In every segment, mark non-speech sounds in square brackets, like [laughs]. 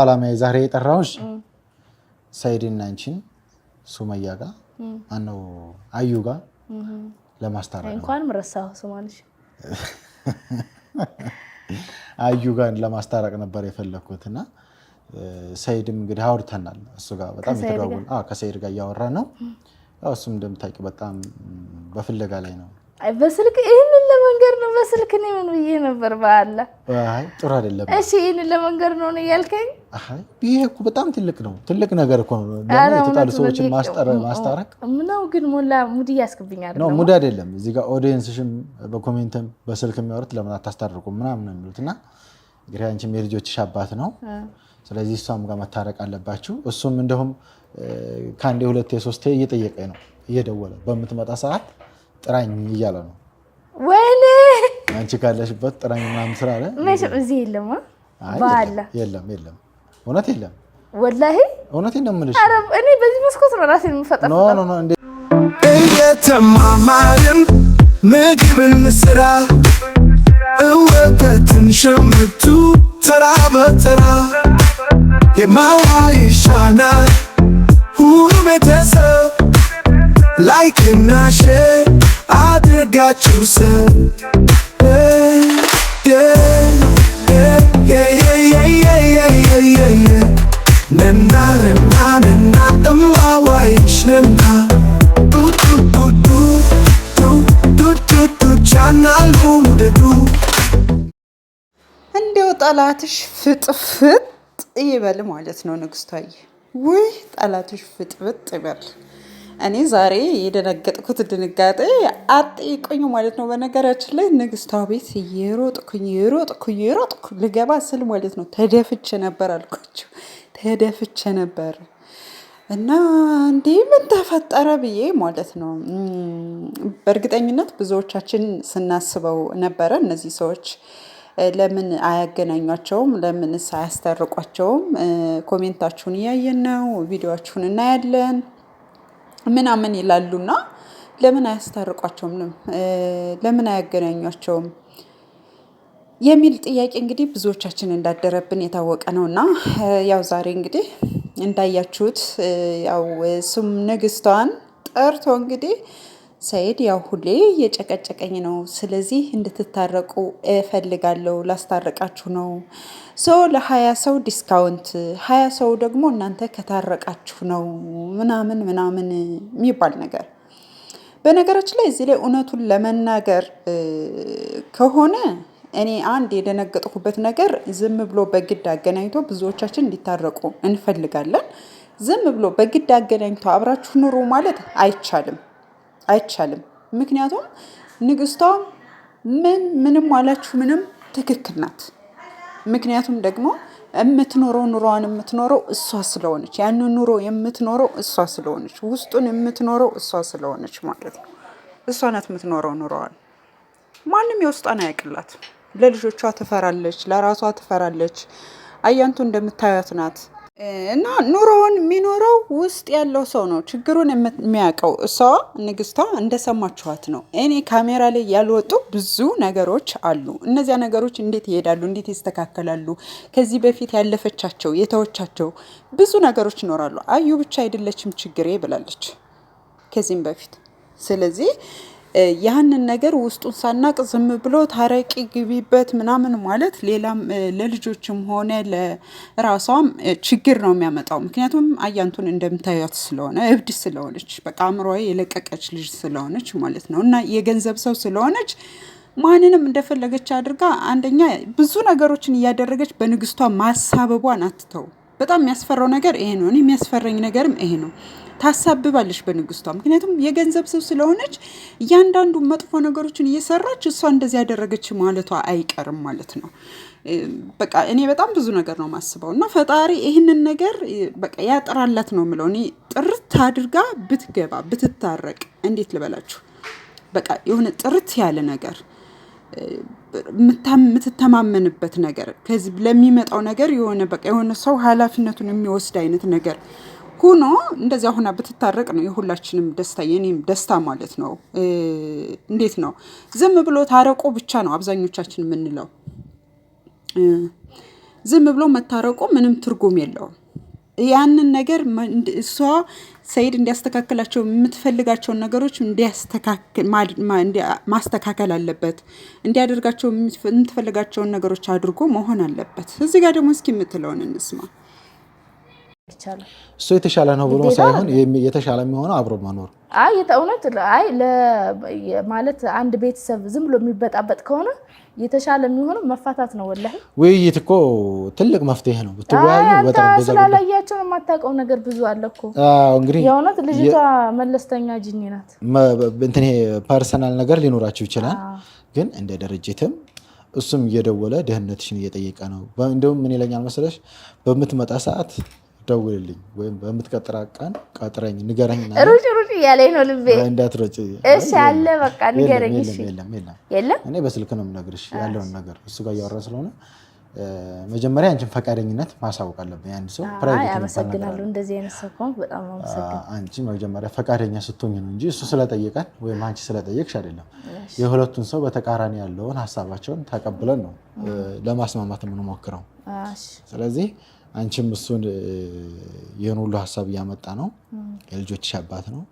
አላማ ዛሬ የጠራሁሽ ሰኢድና አንቺን ሱመያ ጋ ማነው አዩ ጋ ለማስታረቅ እንኳንም ረሳሁ። ሱማንሽ [laughs] አዩ ጋር ለማስታረቅ ነበር የፈለግኩት እና ሰኢድም እንግዲህ አውርተናል። እሱ ጋር በጣም የተደዋወል ከሰኢድ ጋር እያወራ ነው። እሱም እንደምታውቂው በጣም በፍለጋ ላይ ነው በስልክ ይህን ለመንገር ነው በስልክ እኔ ምን ብዬ ነበር? በአለ ጥሩ አይደለም። እሺ ይህን ለመንገር ነው ነው እያልከኝ ይህ እኮ በጣም ትልቅ ነው፣ ትልቅ ነገር እኮ ነው። የተጣሉ ሰዎችን ማስታረቅ ምነው ግን ሞላ ሙድ እያስክብኝ ነው። ሙድ አይደለም። እዚህ ጋር ኦዲየንስሽም በኮሜንትም በስልክ የሚያወሩት ለምን አታስታርቁ ምናምን ነው የሚሉት እና እንግዲህ አንቺም የልጆችሽ አባት ነው። ስለዚህ እሷም ጋር መታረቅ አለባችሁ። እሱም እንደውም ከአንዴ ሁለቴ ሶስቴ እየጠየቀኝ ነው እየደወለ በምትመጣ ሰዓት ጥራኝ እያለ ነው ወይ አንቺ ካለሽበት ጥራኝ ምናምን ስራ አለ መቼም እዚህ የለም። ባለ የለም፣ የለም፣ እውነት የለም። ወላሂ እውነቴን ነው የምልሽ። ኧረ እኔ በዚህ መስኮት ነው ራሴን የምፈጠር። እየተማማርን ምግብን ስራ እወተትን ሸምቱ ተራ በተራ የማዋ ይሻናል ሁሉ ቤተሰብ ላይክ እና ሼር አድርጋችሁ ሰብ እንደው ጠላትሽ ፍጥፍጥ ይበል ማለት ነው ንግስቷዬ። ውይ ጠላትሽ ፍጥፍጥ ይበል። እኔ ዛሬ የደነገጥኩት ድንጋጤ አጠይቁኝ ማለት ነው። በነገራችን ላይ ንግስቷ ቤት የሮጥኩኝ የሮጥኩኝ የሮጥኩ ልገባ ስል ማለት ነው ተደፍቼ ነበር አልኳቸው። ተደፍቼ ነበር እና እንዲህ ምን ተፈጠረ ብዬ ማለት ነው። በእርግጠኝነት ብዙዎቻችን ስናስበው ነበረ እነዚህ ሰዎች ለምን አያገናኟቸውም? ለምንስ አያስታርቋቸውም? ኮሜንታችሁን እያየን ነው፣ ቪዲዮችሁን እናያለን። ምናምን ይላሉና ለምን አያስታርቋቸውም? ለምን አያገናኟቸውም? የሚል ጥያቄ እንግዲህ ብዙዎቻችን እንዳደረብን የታወቀ ነው እና ያው ዛሬ እንግዲህ እንዳያችሁት ያው እሱም ንግስቷን ጠርቶ እንግዲህ ሰኢድ ያው ሁሌ የጨቀጨቀኝ ነው። ስለዚህ እንድትታረቁ እፈልጋለሁ። ላስታረቃችሁ ነው ሶ ለሀያ ሰው ዲስካውንት ሀያ ሰው ደግሞ እናንተ ከታረቃችሁ ነው ምናምን ምናምን የሚባል ነገር። በነገራችን ላይ እዚህ ላይ እውነቱን ለመናገር ከሆነ እኔ አንድ የደነገጥኩበት ነገር ዝም ብሎ በግድ አገናኝቶ ብዙዎቻችን እንዲታረቁ እንፈልጋለን። ዝም ብሎ በግድ አገናኝቶ አብራችሁ ኑሩ ማለት አይቻልም። አይቻልም። ምክንያቱም ንግስቷ ምን ምንም አላችሁ ምንም ትክክል ናት። ምክንያቱም ደግሞ የምትኖረው ኑሮዋን የምትኖረው እሷ ስለሆነች ያን ኑሮ የምትኖረው እሷ ስለሆነች ውስጡን የምትኖረው እሷ ስለሆነች ማለት ነው። እሷ ናት የምትኖረው ኑሮዋን። ማንም የውስጧን አያውቅላት። ለልጆቿ ትፈራለች፣ ለራሷ ትፈራለች። አያንቱ እንደምታያት ናት። እና ኑሮውን የሚኖረው ውስጥ ያለው ሰው ነው ችግሩን የሚያውቀው። እሷ ንግስቷ እንደሰማችኋት ነው። እኔ ካሜራ ላይ ያልወጡ ብዙ ነገሮች አሉ። እነዚያ ነገሮች እንዴት ይሄዳሉ? እንዴት ይስተካከላሉ? ከዚህ በፊት ያለፈቻቸው የተወቻቸው ብዙ ነገሮች ይኖራሉ። አዩ ብቻ አይደለችም ችግሬ ብላለች ከዚህም በፊት ስለዚህ ያንን ነገር ውስጡን ሳናቅ ዝም ብሎ ታረቂ ግቢበት ምናምን ማለት ሌላም ለልጆችም ሆነ ለራሷም ችግር ነው የሚያመጣው። ምክንያቱም አያንቱን እንደምታዩት ስለሆነ እብድ ስለሆነች በቃ አእምሮ የለቀቀች ልጅ ስለሆነች ማለት ነው እና የገንዘብ ሰው ስለሆነች ማንንም እንደፈለገች አድርጋ አንደኛ ብዙ ነገሮችን እያደረገች በንግስቷ ማሳበቧን አትተው። በጣም የሚያስፈራው ነገር ይሄ ነው። እኔ የሚያስፈረኝ ነገርም ይሄ ነው። ታሳብባለች በንግስቷ። ምክንያቱም የገንዘብ ሰው ስለሆነች እያንዳንዱ መጥፎ ነገሮችን እየሰራች እሷ እንደዚህ ያደረገች ማለቷ አይቀርም ማለት ነው። በቃ እኔ በጣም ብዙ ነገር ነው ማስበው እና ፈጣሪ ይህንን ነገር በቃ ያጥራላት ነው የምለው። እኔ ጥርት አድርጋ ብትገባ ብትታረቅ፣ እንዴት ልበላችሁ፣ በቃ የሆነ ጥርት ያለ ነገር የምትተማመንበት ነገር ከዚህ ለሚመጣው ነገር የሆነ በቃ የሆነ ሰው ኃላፊነቱን የሚወስድ አይነት ነገር ሆኖ እንደዚያ ሆና ብትታረቅ ነው የሁላችንም ደስታ የኔም ደስታ ማለት ነው። እንዴት ነው ዝም ብሎ ታረቆ ብቻ ነው አብዛኞቻችን የምንለው። ዝም ብሎ መታረቆ ምንም ትርጉም የለውም። ያንን ነገር እሷ ሰይድ እንዲያስተካክላቸው የምትፈልጋቸውን ነገሮች ማስተካከል አለበት። እንዲያደርጋቸው የምትፈልጋቸውን ነገሮች አድርጎ መሆን አለበት። እዚህ ጋር ደግሞ እስኪ የምትለውን እንስማ። እሱ የተሻለ ነው ብሎ ሳይሆን የተሻለ የሚሆነው አብሮ መኖር። አይ እውነት አይ ማለት አንድ ቤተሰብ ዝም ብሎ የሚበጣበጥ ከሆነ የተሻለ የሚሆነው መፋታት ነው። ወላሂ ውይይት እኮ ትልቅ መፍትሄ ነው። ብትወያዩ ስላላያቸው የማታውቀው ነገር ብዙ አለ እኮ። እንግዲህ የእውነት ልጅቷ መለስተኛ ጅኒ ናት። እንትን ፐርሰናል ነገር ሊኖራቸው ይችላል። ግን እንደ ድርጅትም እሱም እየደወለ ደህንነትሽን እየጠየቀ ነው። እንዲሁም ምን ይለኛል መሰለሽ በምትመጣ ሰዓት ደውልልኝ ወይም በምትቀጥራ ቀን ቀጥረኝ ንገረኝ። ሩጭ ሩጭ እያለኝ ነው ልቤ። እንዳትሮጭ እሺ አለ በቃ ንገረኝ። የለም የለም፣ እኔ በስልክ ነው የምነግርሽ ያለውን ነገር እሱ ጋር እያወራ ስለሆነ መጀመሪያ አንቺን ፈቃደኝነት ማሳወቅ አለብኝ። ያን ሰው ፕራይቬት አመሰግናለሁ፣ እንደዚህ አይነት ሰው በጣም አመሰግናለሁ። አንቺ መጀመሪያ ፈቃደኛ ስትሆኝ ነው እንጂ እሱ ስለጠየቀን ወይም አንቺ ስለጠየቅሽ አይደለም። የሁለቱን ሰው በተቃራኒ ያለውን ሀሳባቸውን ተቀብለን ነው ለማስማማት የምንሞክረው። ስለዚህ አንቺም እሱን ይህን ሁሉ ሀሳብ እያመጣ ነው። የልጆች አባት ነው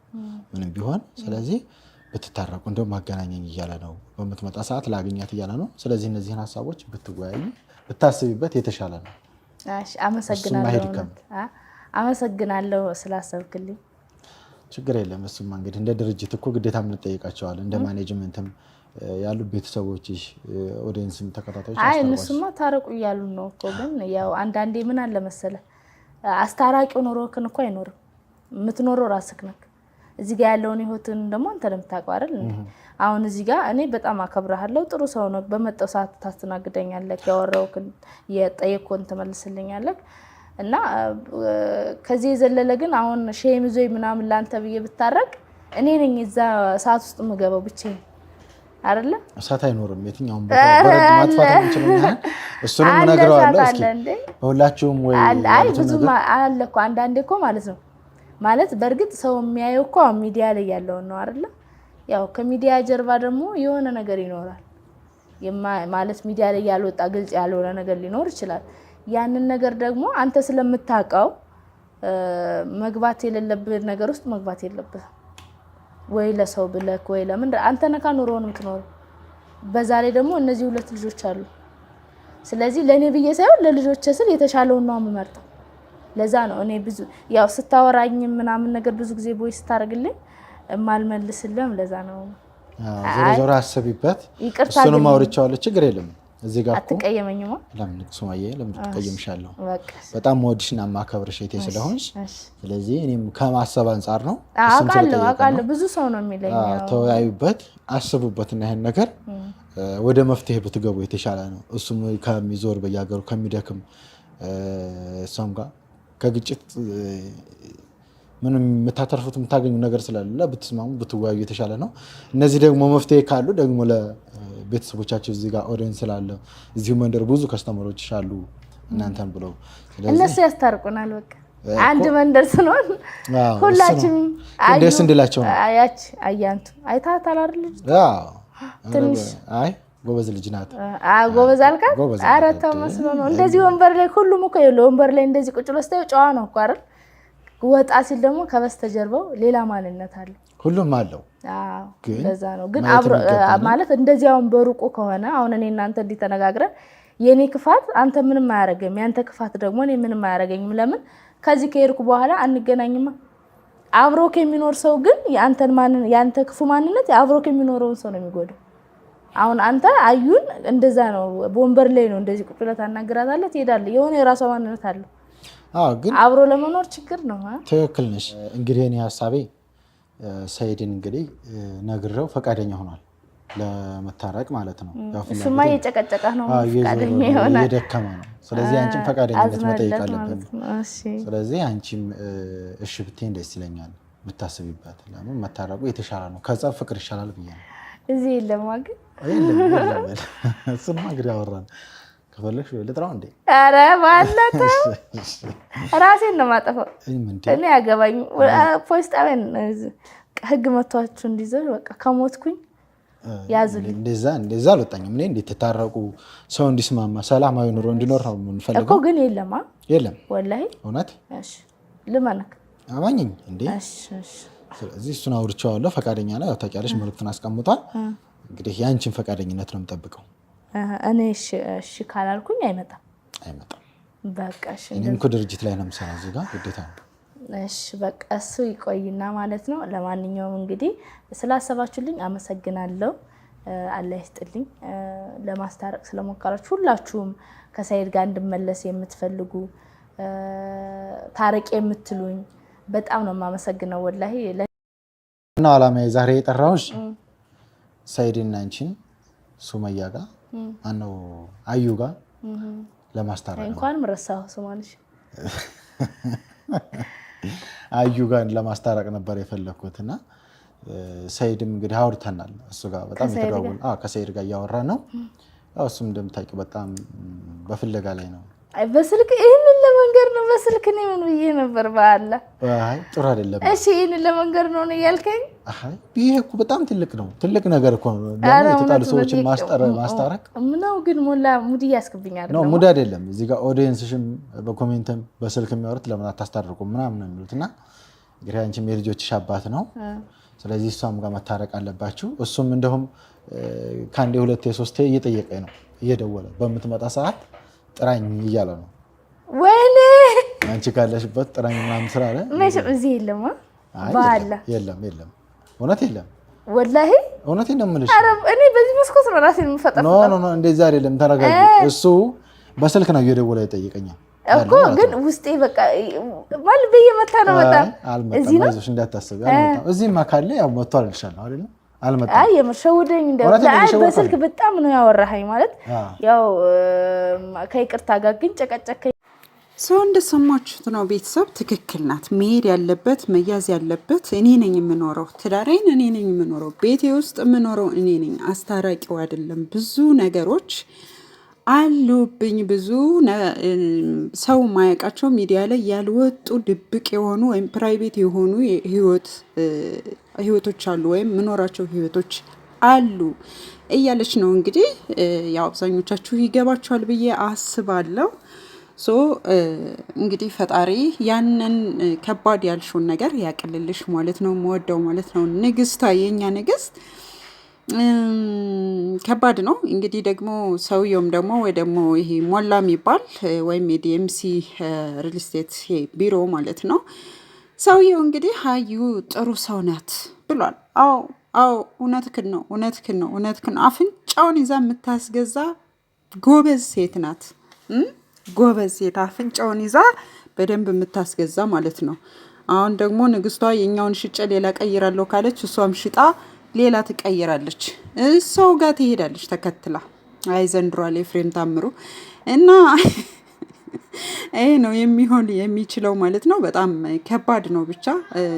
ምንም ቢሆን ስለዚህ ብትታረቁ እንደውም ማገናኘኝ እያለ ነው። በምትመጣ ሰዓት ላገኛት እያለ ነው። ስለዚህ እነዚህን ሀሳቦች ብትወያዩ ብታስቢበት የተሻለ ነው። አመሰግናለሁ ስላሰብክልኝ። ችግር የለም። እሱማ እንግዲህ እንደ ድርጅት እኮ ግዴታ ምንጠይቃቸዋለን እንደ ማኔጅመንትም ያሉ ቤተሰቦችሽ ኦዲየንስም ተከታታዮች አይ እነሱማ ታረቁ እያሉ ነው እኮ። ግን ያው አንዳንዴ ምን አለ መሰለህ አስታራቂው ኖሮክን እኮ አይኖርም። የምትኖረው ራስክ ነክ። እዚህ ጋ ያለውን ህይወትን ደግሞ አንተ ነው የምታውቀው አይደል? አሁን እዚህ ጋ እኔ በጣም አከብረሃለሁ፣ ጥሩ ሰው ነው። በመጣው ሰዓት ታስተናግደኛለህ፣ ያወራሁህን የጠየቅኩህን ትመልስልኛለክ እና ከዚህ የዘለለ ግን አሁን ሼም ይዞኝ ምናምን ላንተ ብዬ ብታረቅ እኔ ነኝ እዛ ሰዓት ውስጥ የምገባው ብቻዬን አይደለ? እሳት አይኖርም። የትኛውም እሱንም እነግረዋለሁ። በሁላችሁም ወይ ብዙም አለ እኮ አንዳንዴ እኮ ማለት ነው ማለት በእርግጥ ሰው የሚያየው እኮ ሚዲያ ላይ ያለውን ነው አይደለ? ያው ከሚዲያ ጀርባ ደግሞ የሆነ ነገር ይኖራል ማለት ሚዲያ ላይ ያልወጣ ግልጽ ያልሆነ ነገር ሊኖር ይችላል። ያንን ነገር ደግሞ አንተ ስለምታውቀው መግባት የሌለብህ ነገር ውስጥ መግባት የለብህም። ወይ ለሰው ብለክ ወይ ለምን አንተ ነካ ኑሮውን የምትኖር በዛ ላይ ደግሞ እነዚህ ሁለት ልጆች አሉ። ስለዚህ ለእኔ ብዬ ሳይሆን ለልጆች ስል የተሻለውን ነው የምመርጠው። ለዛ ነው እኔ ብዙ ያው ስታወራኝ ምናምን ነገር ብዙ ጊዜ ቦይ ስታደርግልኝ ማልመልስለም። ለዛ ነው ዞሮ ዞሮ አስቢበት። ይቅርታ እሱንም አውርቼዋለሁ፣ ችግር የለም እዚህ ጋር አትቀየመኝማ። ለምን ሱመዬ፣ ለምን ትቀየምሻለሁ? በጣም ወድሽና ማከብርሽ እህቴ ስለሆንሽ፣ ስለዚህ እኔም ከማሰብ አንጻር ነው። አውቃለሁ፣ ብዙ ሰው ነው የሚለኝ። ተወያዩበት፣ አስቡበትና ይሄን ነገር ወደ መፍትሄ ብትገቡ የተሻለ ነው። እሱም ከሚዞር በየሀገሩ ከሚደክም እሷም ጋር ከግጭት ምንም የምታተርፉት የምታገኙ ነገር ስለሌለ ብትስማሙ ብትወያዩ የተሻለ ነው። እነዚህ ደግሞ መፍትሄ ካሉ ደግሞ ቤተሰቦቻቸው እዚህ ጋር ኦዲየንስ ስላለ እዚሁ መንደር ብዙ ከስተመሮች አሉ እናንተን ብለው እነሱ ያስታርቁናል። በቃ አንድ መንደር ስንሆን ሁላችን ደስ እንድላቸው ነው። ያች አያንቱ አይታታላር ልጅ ትንሽ አይ ጎበዝ ልጅ ናት። ጎበዝ አልካት። ኧረ ተው መስሎ ነው እንደዚህ ወንበር ላይ ሁሉም እኮ የለ ወንበር ላይ እንደዚህ ቁጭ ብሎ ስታየው ጨዋ ነው እኮ አይደል? ወጣ ሲል ደግሞ ከበስተጀርባው ሌላ ማንነት አለ። ሁሉም አለው። ማለት እንደዚያውን በሩቁ ከሆነ አሁን እኔ እናንተ እንዲህ ተነጋግረን የእኔ ክፋት አንተ ምንም አያደርገኝም፣ ያንተ ክፋት ደግሞ እኔ ምንም አያደርገኝም። ለምን ከዚህ ከሄድኩ በኋላ አንገናኝማ። አብሮክ የሚኖር ሰው ግን የአንተ ክፉ ማንነት አብሮክ የሚኖረውን ሰው ነው የሚጎዳው። አሁን አንተ አዩን እንደዛ ነው፣ ወንበር ላይ ነው እንደዚህ ቁጭ ብላ ታናግራታለህ፣ ትሄዳለህ። የሆነ የራሷ ማንነት አለው። አብሮ ለመኖር ችግር ነው። ትክክል ነሽ። እንግዲህ እኔ ሀሳቤ ሰይድን እንግዲህ ነግረው ፈቃደኛ ሆኗል ለመታረቅ ማለት ነው። እሱማ እየጨቀጨቀ ነው ፈቃደኛ ይሆናል እየደከመ ነው። ስለዚህ አንቺም ፈቃደኝነት መጠየቅ አለብን። ስለዚህ አንቺም እሺ ብትይኝ ደስ ይለኛል። የምታስቢበት ለምን መታረቁ የተሻለ ነው፣ ከጸብ ፍቅር ይሻላል ብዬ ነው። እዚህ የለማ ግን እሱማ እንግዲህ አወራን ከፈለግሽ ልጥራው እንዴ? ኧረ ባለፈ ራሴን ነው የማጠፋው። እኔ ያገባኝ ፖሊስ ጣቢያን ህግ መቷችሁ እንዲዘው በቃ ከሞትኩኝ ያዙልኝ። እንደዛ እንደዛ አልወጣኝም እኔ ተታረቁ፣ ሰው እንዲስማማ ሰላማዊ ኑሮ እንዲኖር ነው የምንፈልገው እኮ ግን የለማ የለም። ወላሂ እውነት ልመነክ አማኝኝ እንዴ? ስለዚህ እሱን አውርቼዋለሁ። ፈቃደኛ ነው። ያው ታውቂያለሽ መልዕክቱን አስቀምጧል። እንግዲህ የአንቺን ፈቃደኝነት ነው የምጠብቀው። እኔ እሺ ካላልኩኝ አይመጣም አይመጣም። በቃ እሺ እኔም እኮ ድርጅት ላይ ነው የምሰራው እዚህ ጋር ግዴታ ነው። እሺ በቃ እሱ ይቆይና ማለት ነው። ለማንኛውም እንግዲህ ስላሰባችሁልኝ አመሰግናለሁ። አላህ ይስጥልኝ። ለማስታረቅ ስለሞከራችሁ ሁላችሁም ከሰይድ ጋር እንድመለስ የምትፈልጉ ታረቂ የምትሉኝ በጣም ነው የማመሰግነው። ወላሂ እና አላማ የጠራሁሽ ሰይድና አንቺን ሱመያ ጋር አነው አዩ ጋር ለማስታረቅ እንኳንም ረሳሁ ስማንሽ [laughs] አዩ ጋር ለማስታረቅ ነበር የፈለግኩት እና ሰይድም እንግዲህ አውርተናል። እሱ ጋር በጣም የተደዋወልን ከሰይድ ጋር እያወራን ነው። እሱም እንደምታውቂው በጣም በፍለጋ ላይ ነው በስልክ በስልክ ነው ምን ብዬ ነበር። በአላ ጥሩ አይደለም። እሺ ይህን ለመንገድ ነው ነው ያልከኝ። ይሄ እኮ በጣም ትልቅ ነው፣ ትልቅ ነገር እኮ ነው። የተጣሉ ሰዎችን ማስታረቅ ምነው ግን ሞላ ሙድ እያስክብኛል ነው። ሙድ አይደለም። እዚህ ጋር ኦዲየንስሽም በኮሜንትም በስልክ የሚያወሩት ለምን አታስታርቁ ምናምን ነው የሚሉት። እና እንግዲህ አንቺም የልጆችሽ አባት ነው። ስለዚህ እሷም ጋር መታረቅ አለባችሁ። እሱም እንደውም ከአንዴ ሁለቴ ሶስቴ እየጠየቀኝ ነው፣ እየደወለ በምትመጣ ሰዓት ጥራኝ እያለ ነው። ወይ አንቺ ካለሽበት ጥራኝ ምናምን ስራ አለ መቼም እዚህ የለም። በአላ የለም፣ የለም፣ እውነት የለም። ወላሂ እውነቴን ነው የምልሽ። እኔ በዚህ መስኮት ነው ራሴን የምፈጠር። ኖ ኖ ኖ፣ እንደዛ አይደለም። ተረጋጊ። እሱ በስልክ ነው እየደወለ ይጠይቀኛል እኮ ግን ውስጤ በቃ ማለት መታ ነው። በጣም እዚህ ነው እንዳታስቢ። እዚህ ካለ ያው መጥቶ አልልሻለሁ አይደለም አልመጣም የምሸውደኝ በስልክ በጣም ነው ያወራኸኝ። ማለት ያው ከይቅርታ ጋር ግን ጨቀጨከኝ። ሰው እንደሰማችሁት ነው ቤተሰብ ትክክል ናት። መሄድ ያለበት መያዝ ያለበት እኔ ነኝ የምኖረው፣ ትዳሬን እኔ ነኝ የምኖረው፣ ቤቴ ውስጥ የምኖረው እኔ ነኝ፣ አስታራቂው አይደለም። ብዙ ነገሮች አሉብኝ፣ ብዙ ሰው ማያውቃቸው ሚዲያ ላይ ያልወጡ ድብቅ የሆኑ ወይም ፕራይቬት የሆኑ ህይወቶች አሉ ወይም የምኖራቸው ህይወቶች አሉ እያለች ነው እንግዲህ ያው አብዛኞቻችሁ ይገባችኋል ብዬ አስባለሁ። ሶ እንግዲህ ፈጣሪ ያንን ከባድ ያልሽውን ነገር ያቅልልሽ ማለት ነው። መወደው ማለት ነው። ንግስቷ የኛ ንግስት ከባድ ነው እንግዲህ ደግሞ ሰውየውም ደግሞ ወይ ደግሞ ይሄ ሞላ የሚባል ወይም የዲኤምሲ ሪል ስቴት ቢሮ ማለት ነው። ሰውየው እንግዲህ ሀዩ ጥሩ ሰው ናት ብሏል። አዎ አዎ፣ እውነትህን ነው፣ እውነትህን ነው፣ እውነትህን አፍንጫውን ይዛ የምታስገዛ ጎበዝ ሴት ናት። ጎበዝ ሴት አፍንጫውን ይዛ በደንብ የምታስገዛ ማለት ነው። አሁን ደግሞ ንግስቷ የእኛውን ሽጨ ሌላ ቀይራለሁ ካለች እሷም ሽጣ ሌላ ትቀይራለች፣ ሰው ጋር ትሄዳለች ተከትላ። አይ ዘንድሯ ኤፍሬም ታምሩ እና ይሄ ነው የሚሆን የሚችለው ማለት ነው። በጣም ከባድ ነው። ብቻ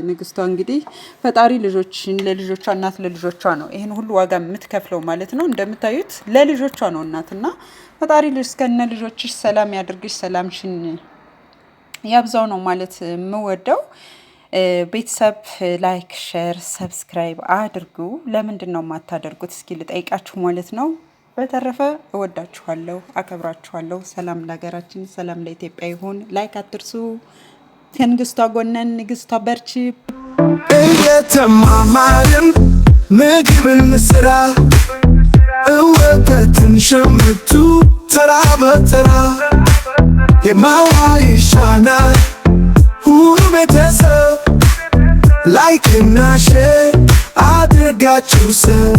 ንግስቷ እንግዲህ ፈጣሪ ልጆችን ለልጆቿ እናት ለልጆቿ ነው ይህን ሁሉ ዋጋ የምትከፍለው ማለት ነው። እንደምታዩት ለልጆቿ ነው እናትና ፈጣሪ እስከነ ልጆችሽ ሰላም ያድርግሽ፣ ሰላምሽን ያብዛው ነው ማለት የምወደው። ቤተሰብ ላይክ፣ ሸር፣ ሰብስክራይብ አድርጉ። ለምንድን ነው የማታደርጉት? እስኪ ልጠይቃችሁ ማለት ነው። በተረፈ እወዳችኋለሁ፣ አከብራችኋለሁ። ሰላም ለሀገራችን፣ ሰላም ለኢትዮጵያ ይሁን። ላይክ አትርሱ። ከንግስቷ ጎነን ንግስቷ በርቺ። እየተማማርን ምግብን ስራ እወተትን ሸምቱ ተራ በተራ የማዋ ይሻናል ሁሉ ቤተሰብ ላይክና ሼር አድርጋችሁ ሰብ